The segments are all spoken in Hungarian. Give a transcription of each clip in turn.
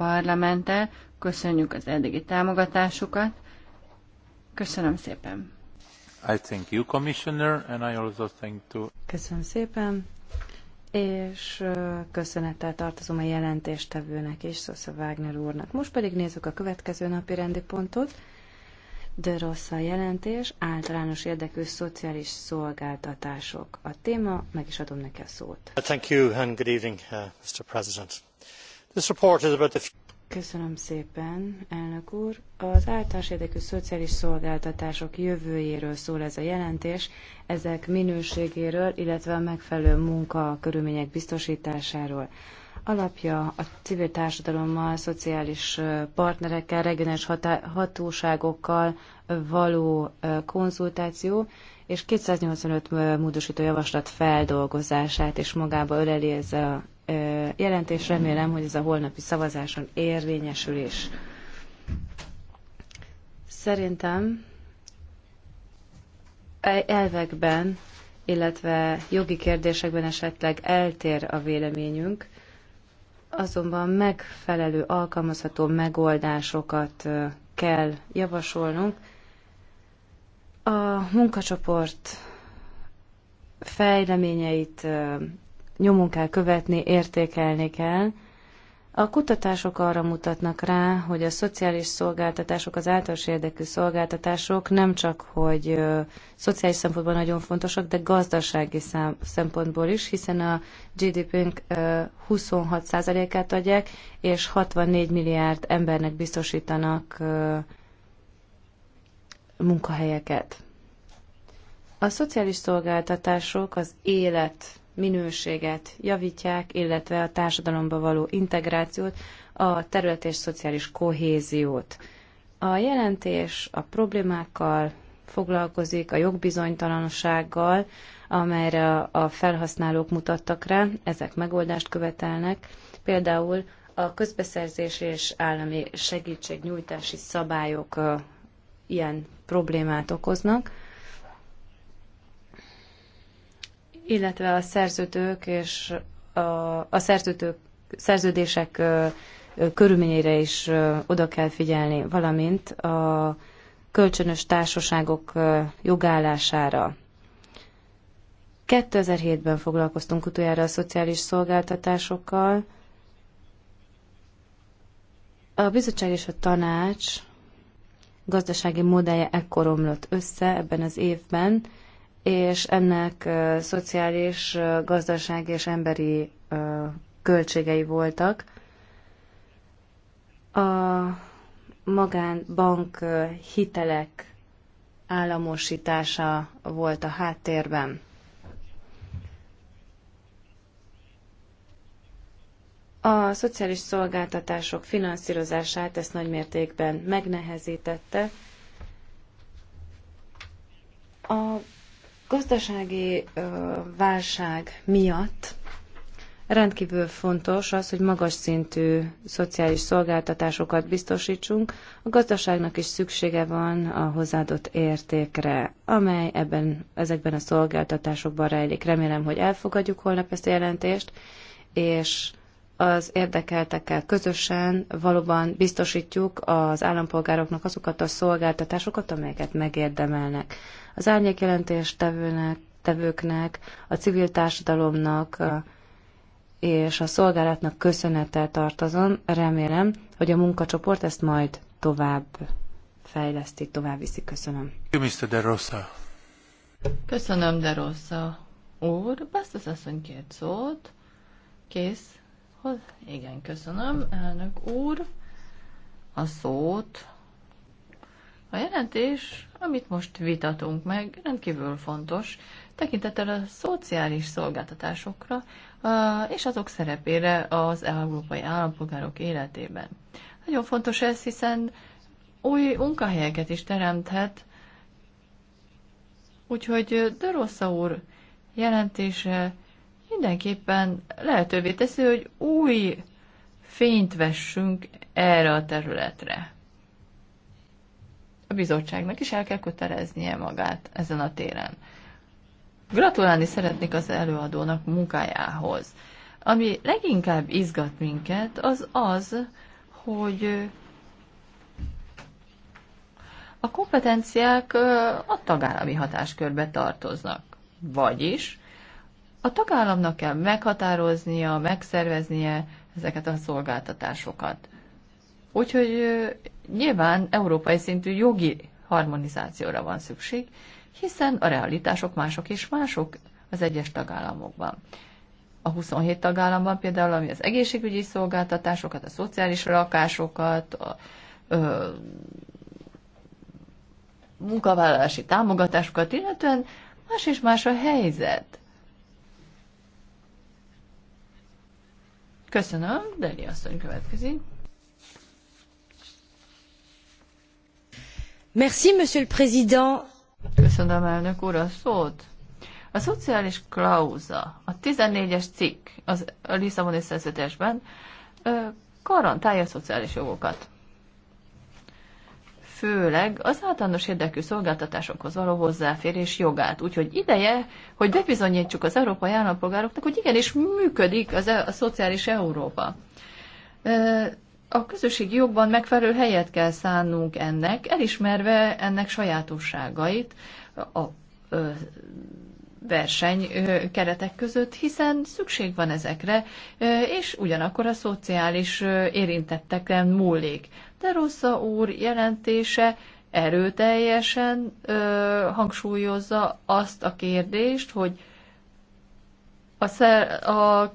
Parlamenttel. Köszönjük az eddigi támogatásukat. Köszönöm szépen. I thank you, Commissioner, and I also thank to... Köszönöm szépen, és köszönettel tartozom a jelentéstevőnek és Szosza Wagner úrnak. Most pedig nézzük a következő napi rendi pontot. De rossz a jelentés, általános érdekű szociális szolgáltatások. A téma, meg is adom neki a szót. Thank you and good evening, uh, Mr. President. This report is about the Köszönöm szépen, elnök úr. Az általános érdekű szociális szolgáltatások jövőjéről szól ez a jelentés, ezek minőségéről, illetve a megfelelő munkakörülmények biztosításáról. Alapja a civil társadalommal, szociális partnerekkel, regionális hatóságokkal való konzultáció, és 285 módosító javaslat feldolgozását és magába öleli ez a jelentés. Remélem, hogy ez a holnapi szavazáson érvényesül is. Szerintem e- elvekben, illetve jogi kérdésekben esetleg eltér a véleményünk, azonban megfelelő, alkalmazható megoldásokat kell javasolnunk. A munkacsoport fejleményeit nyomon kell követni, értékelni kell. A kutatások arra mutatnak rá, hogy a szociális szolgáltatások, az általános érdekű szolgáltatások nem csak, hogy ö, szociális szempontból nagyon fontosak, de gazdasági szám, szempontból is, hiszen a GDP-nk 26%-át adják, és 64 milliárd embernek biztosítanak ö, munkahelyeket. A szociális szolgáltatások az élet minőséget javítják, illetve a társadalomba való integrációt, a terület és szociális kohéziót. A jelentés a problémákkal foglalkozik, a jogbizonytalansággal, amelyre a felhasználók mutattak rá, ezek megoldást követelnek, például a közbeszerzés és állami segítségnyújtási szabályok ilyen problémát okoznak. illetve a szerződők és a, a szerződők, szerződések körülményeire is oda kell figyelni, valamint a kölcsönös társaságok jogállására. 2007-ben foglalkoztunk utoljára a szociális szolgáltatásokkal. A bizottság és a tanács gazdasági modellje ekkor omlott össze ebben az évben, és ennek szociális, gazdasági és emberi költségei voltak. A magánbank hitelek államosítása volt a háttérben. A szociális szolgáltatások finanszírozását ezt nagymértékben megnehezítette. A gazdasági válság miatt rendkívül fontos az, hogy magas szintű szociális szolgáltatásokat biztosítsunk. A gazdaságnak is szüksége van a hozzáadott értékre, amely ebben, ezekben a szolgáltatásokban rejlik. Remélem, hogy elfogadjuk holnap ezt a jelentést, és az érdekeltekkel közösen valóban biztosítjuk az állampolgároknak azokat a szolgáltatásokat, amelyeket megérdemelnek. Az árnyékjelentés tevőnek, tevőknek, a civil társadalomnak és a szolgálatnak köszönettel tartozom. Remélem, hogy a munkacsoport ezt majd tovább fejleszti, tovább viszi. Köszönöm. Mr. De Rosa. Köszönöm, De Rosa úr. Bastos asszony kért szót. Kész. Hol? Igen, köszönöm, elnök úr, a szót. A jelentés, amit most vitatunk meg, rendkívül fontos, tekintettel a szociális szolgáltatásokra és azok szerepére az európai állampolgárok életében. Nagyon fontos ez, hiszen új munkahelyeket is teremthet, úgyhogy Dörosza úr jelentése mindenképpen lehetővé teszi, hogy új fényt vessünk erre a területre. A bizottságnak is el kell köteleznie magát ezen a téren. Gratulálni szeretnék az előadónak munkájához. Ami leginkább izgat minket, az az, hogy a kompetenciák a tagállami hatáskörbe tartoznak. Vagyis a tagállamnak kell meghatároznia, megszerveznie ezeket a szolgáltatásokat. Úgyhogy nyilván európai szintű jogi harmonizációra van szükség, hiszen a realitások mások és mások az egyes tagállamokban. A 27 tagállamban például, ami az egészségügyi szolgáltatásokat, a szociális lakásokat, a ö, munkavállalási támogatásokat, illetően más és más a helyzet. Köszönöm, Deli asszony következik. Merci, Monsieur le Président. Köszönöm, elnök úr, a szót. A szociális klauza, a 14-es cikk az a Lisszaboni szerződésben garantálja a szociális jogokat főleg az általános érdekű szolgáltatásokhoz való hozzáférés jogát. Úgyhogy ideje, hogy bebizonyítsuk az európai állampolgároknak, hogy igenis működik az a, e- a szociális Európa. A közösségi jogban megfelelő helyet kell szánnunk ennek, elismerve ennek sajátosságait a verseny keretek között, hiszen szükség van ezekre, és ugyanakkor a szociális érintettekre múlik. Terosza úr jelentése erőteljesen ö, hangsúlyozza azt a kérdést, hogy a, szer, a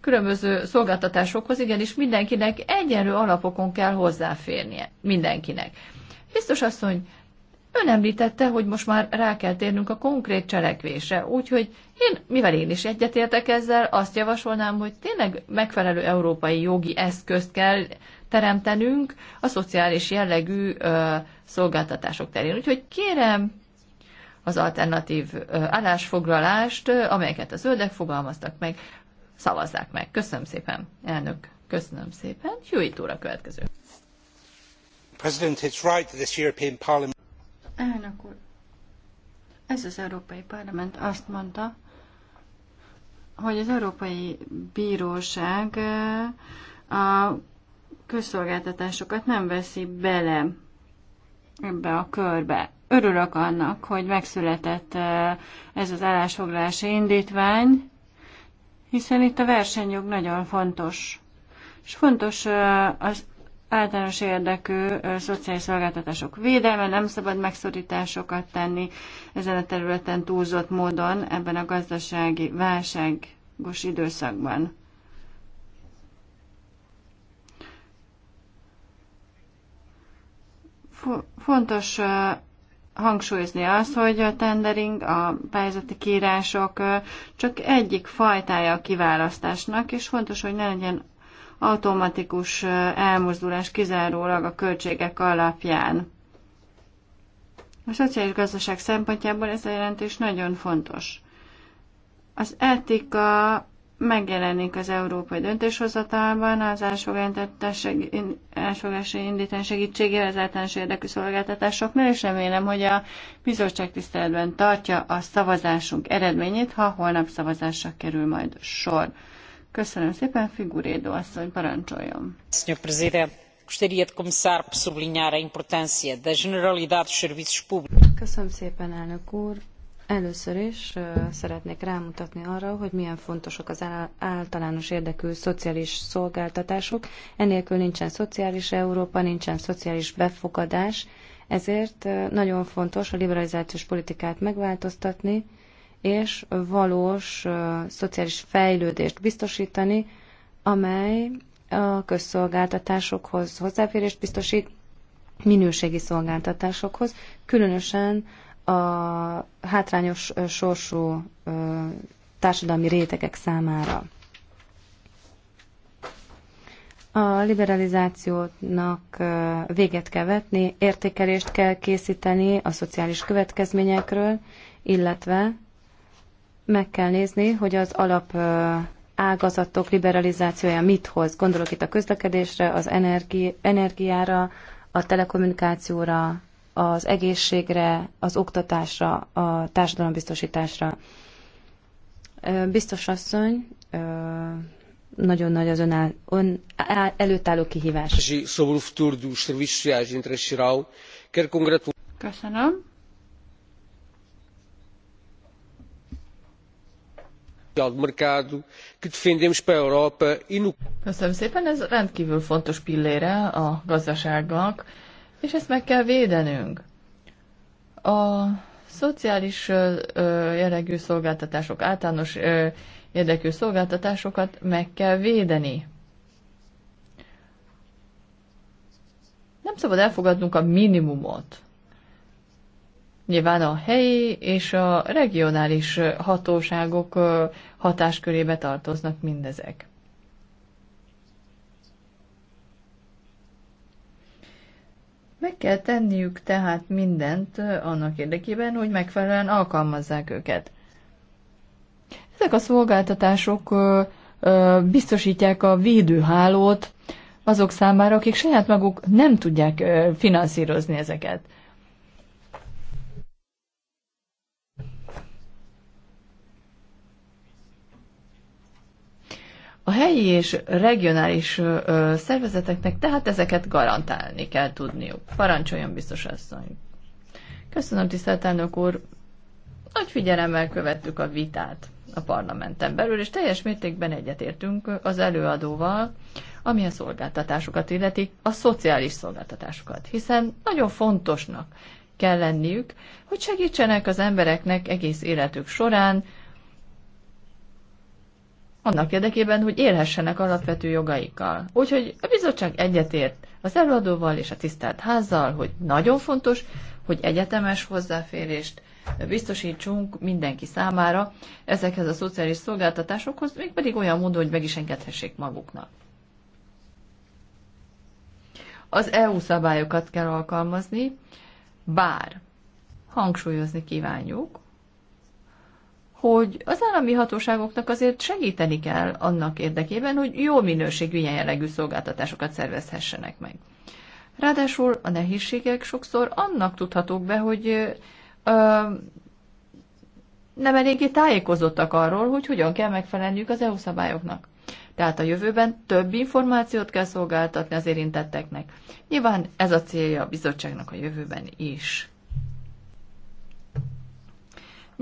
különböző szolgáltatásokhoz igenis mindenkinek egyenlő alapokon kell hozzáférnie. Mindenkinek. Biztos asszony, Ön említette, hogy most már rá kell térnünk a konkrét cselekvésre, úgyhogy én, mivel én is egyetértek ezzel, azt javasolnám, hogy tényleg megfelelő európai jogi eszközt kell teremtenünk a szociális jellegű ö, szolgáltatások terén. Úgyhogy kérem az alternatív ö, állásfoglalást, ö, amelyeket a zöldek fogalmaztak meg, szavazzák meg. Köszönöm szépen, elnök. Köszönöm szépen. Jó itt a következő. President, it's right that this European Parliament Elnök úr, ez az Európai Parlament azt mondta, hogy az Európai Bíróság a közszolgáltatásokat nem veszi bele ebbe a körbe. Örülök annak, hogy megszületett ez az állásfoglalási indítvány, hiszen itt a versenyjog nagyon fontos. És fontos az általános érdekű szociális szolgáltatások védelme, nem szabad megszorításokat tenni ezen a területen túlzott módon ebben a gazdasági válságos időszakban. Fontos hangsúlyozni azt, hogy a tendering, a pályázati kírások csak egyik fajtája a kiválasztásnak, és fontos, hogy ne legyen automatikus elmozdulás kizárólag a költségek alapján. A szociális gazdaság szempontjából ez a jelentés nagyon fontos. Az etika megjelenik az európai döntéshozatalban, az elsfogási indítás segítségével az általános érdekű szolgáltatásoknál, és remélem, hogy a bizottság tiszteletben tartja a szavazásunk eredményét, ha holnap szavazásra kerül majd sor. Köszönöm szépen, Figurédo asszony, parancsoljon. Sr. gostaria de começar por sublinhar a importância da generalidade dos serviços públicos. Először is szeretnék rámutatni arra, hogy milyen fontosak az általános érdekű szociális szolgáltatások. Enélkül nincsen szociális Európa, nincsen szociális befogadás, ezért nagyon fontos a liberalizációs politikát megváltoztatni, és valós szociális fejlődést biztosítani, amely a közszolgáltatásokhoz hozzáférést biztosít, minőségi szolgáltatásokhoz, különösen a hátrányos sorsú társadalmi rétegek számára. A liberalizációnak véget kell vetni, értékelést kell készíteni a szociális következményekről, illetve meg kell nézni, hogy az alap ágazatok liberalizációja mit hoz. Gondolok itt a közlekedésre, az energi, energiára, a telekommunikációra, az egészségre, az oktatásra, a társadalombiztosításra. Biztos asszony, nagyon nagy az ön, ön előtt kihívás. Köszönöm. E Köszönöm szépen, ez rendkívül fontos pillére a gazdaságnak, és ezt meg kell védenünk. A szociális jellegű szolgáltatások, általános érdekű szolgáltatásokat meg kell védeni. Nem szabad elfogadnunk a minimumot nyilván a helyi és a regionális hatóságok hatáskörébe tartoznak mindezek. Meg kell tenniük tehát mindent annak érdekében, hogy megfelelően alkalmazzák őket. Ezek a szolgáltatások biztosítják a védőhálót azok számára, akik saját maguk nem tudják finanszírozni ezeket. a helyi és regionális szervezeteknek tehát ezeket garantálni kell tudniuk. Parancsoljon biztos asszony. Köszönöm, tisztelt elnök úr. Nagy figyelemmel követtük a vitát a parlamenten belül, és teljes mértékben egyetértünk az előadóval, ami a szolgáltatásokat illeti, a szociális szolgáltatásokat, hiszen nagyon fontosnak kell lenniük, hogy segítsenek az embereknek egész életük során, annak érdekében, hogy élhessenek alapvető jogaikkal. Úgyhogy a bizottság egyetért az előadóval és a tisztelt házzal, hogy nagyon fontos, hogy egyetemes hozzáférést biztosítsunk mindenki számára ezekhez a szociális szolgáltatásokhoz, mégpedig olyan módon, hogy meg is engedhessék maguknak. Az EU szabályokat kell alkalmazni, bár hangsúlyozni kívánjuk, hogy az állami hatóságoknak azért segíteni kell annak érdekében, hogy jó minőségű ilyen jellegű szolgáltatásokat szervezhessenek meg. Ráadásul a nehézségek sokszor annak tudhatók be, hogy ö, nem eléggé tájékozottak arról, hogy hogyan kell megfelelniük az EU szabályoknak. Tehát a jövőben több információt kell szolgáltatni az érintetteknek. Nyilván ez a célja a bizottságnak a jövőben is.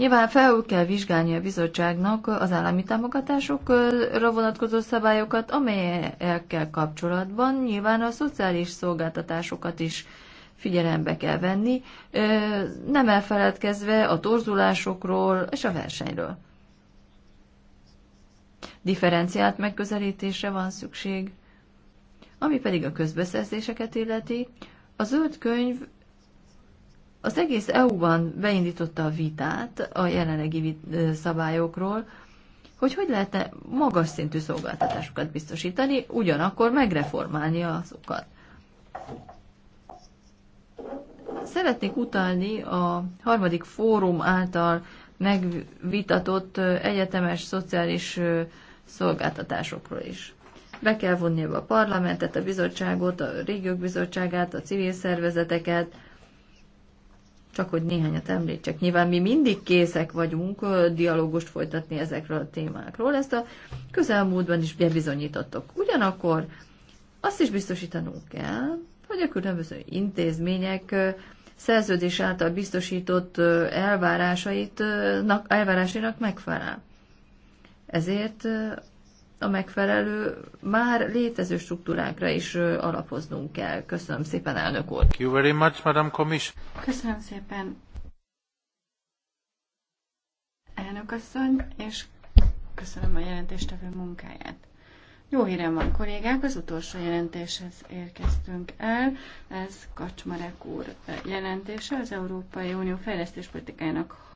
Nyilván felül kell vizsgálni a bizottságnak az állami támogatásokra vonatkozó szabályokat, amelyekkel kapcsolatban nyilván a szociális szolgáltatásokat is figyelembe kell venni, nem elfeledkezve a torzulásokról és a versenyről. Differenciált megközelítésre van szükség. Ami pedig a közbeszerzéseket illeti, a zöld könyv az egész EU-ban beindította a vitát a jelenlegi szabályokról, hogy hogy lehetne magas szintű szolgáltatásokat biztosítani, ugyanakkor megreformálni azokat. Szeretnék utalni a harmadik fórum által megvitatott egyetemes szociális szolgáltatásokról is. Be kell vonni a parlamentet, a bizottságot, a régiók bizottságát, a civil szervezeteket, csak hogy néhányat említsek. Nyilván mi mindig készek vagyunk dialógust folytatni ezekről a témákról, ezt a közelmúltban is bebizonyítottok. Ugyanakkor azt is biztosítanunk kell, hogy a különböző intézmények szerződés által biztosított elvárásainak megfelel. Ezért a megfelelő, már létező struktúrákra is alapoznunk kell. Köszönöm szépen, elnök úr. Thank you very much, Madam Commission. Köszönöm szépen, elnök asszony, és köszönöm a jelentéstevő munkáját. Jó hírem van, kollégák, az utolsó jelentéshez érkeztünk el. Ez Kacsmarek úr jelentése az Európai Unió fejlesztéspolitikájának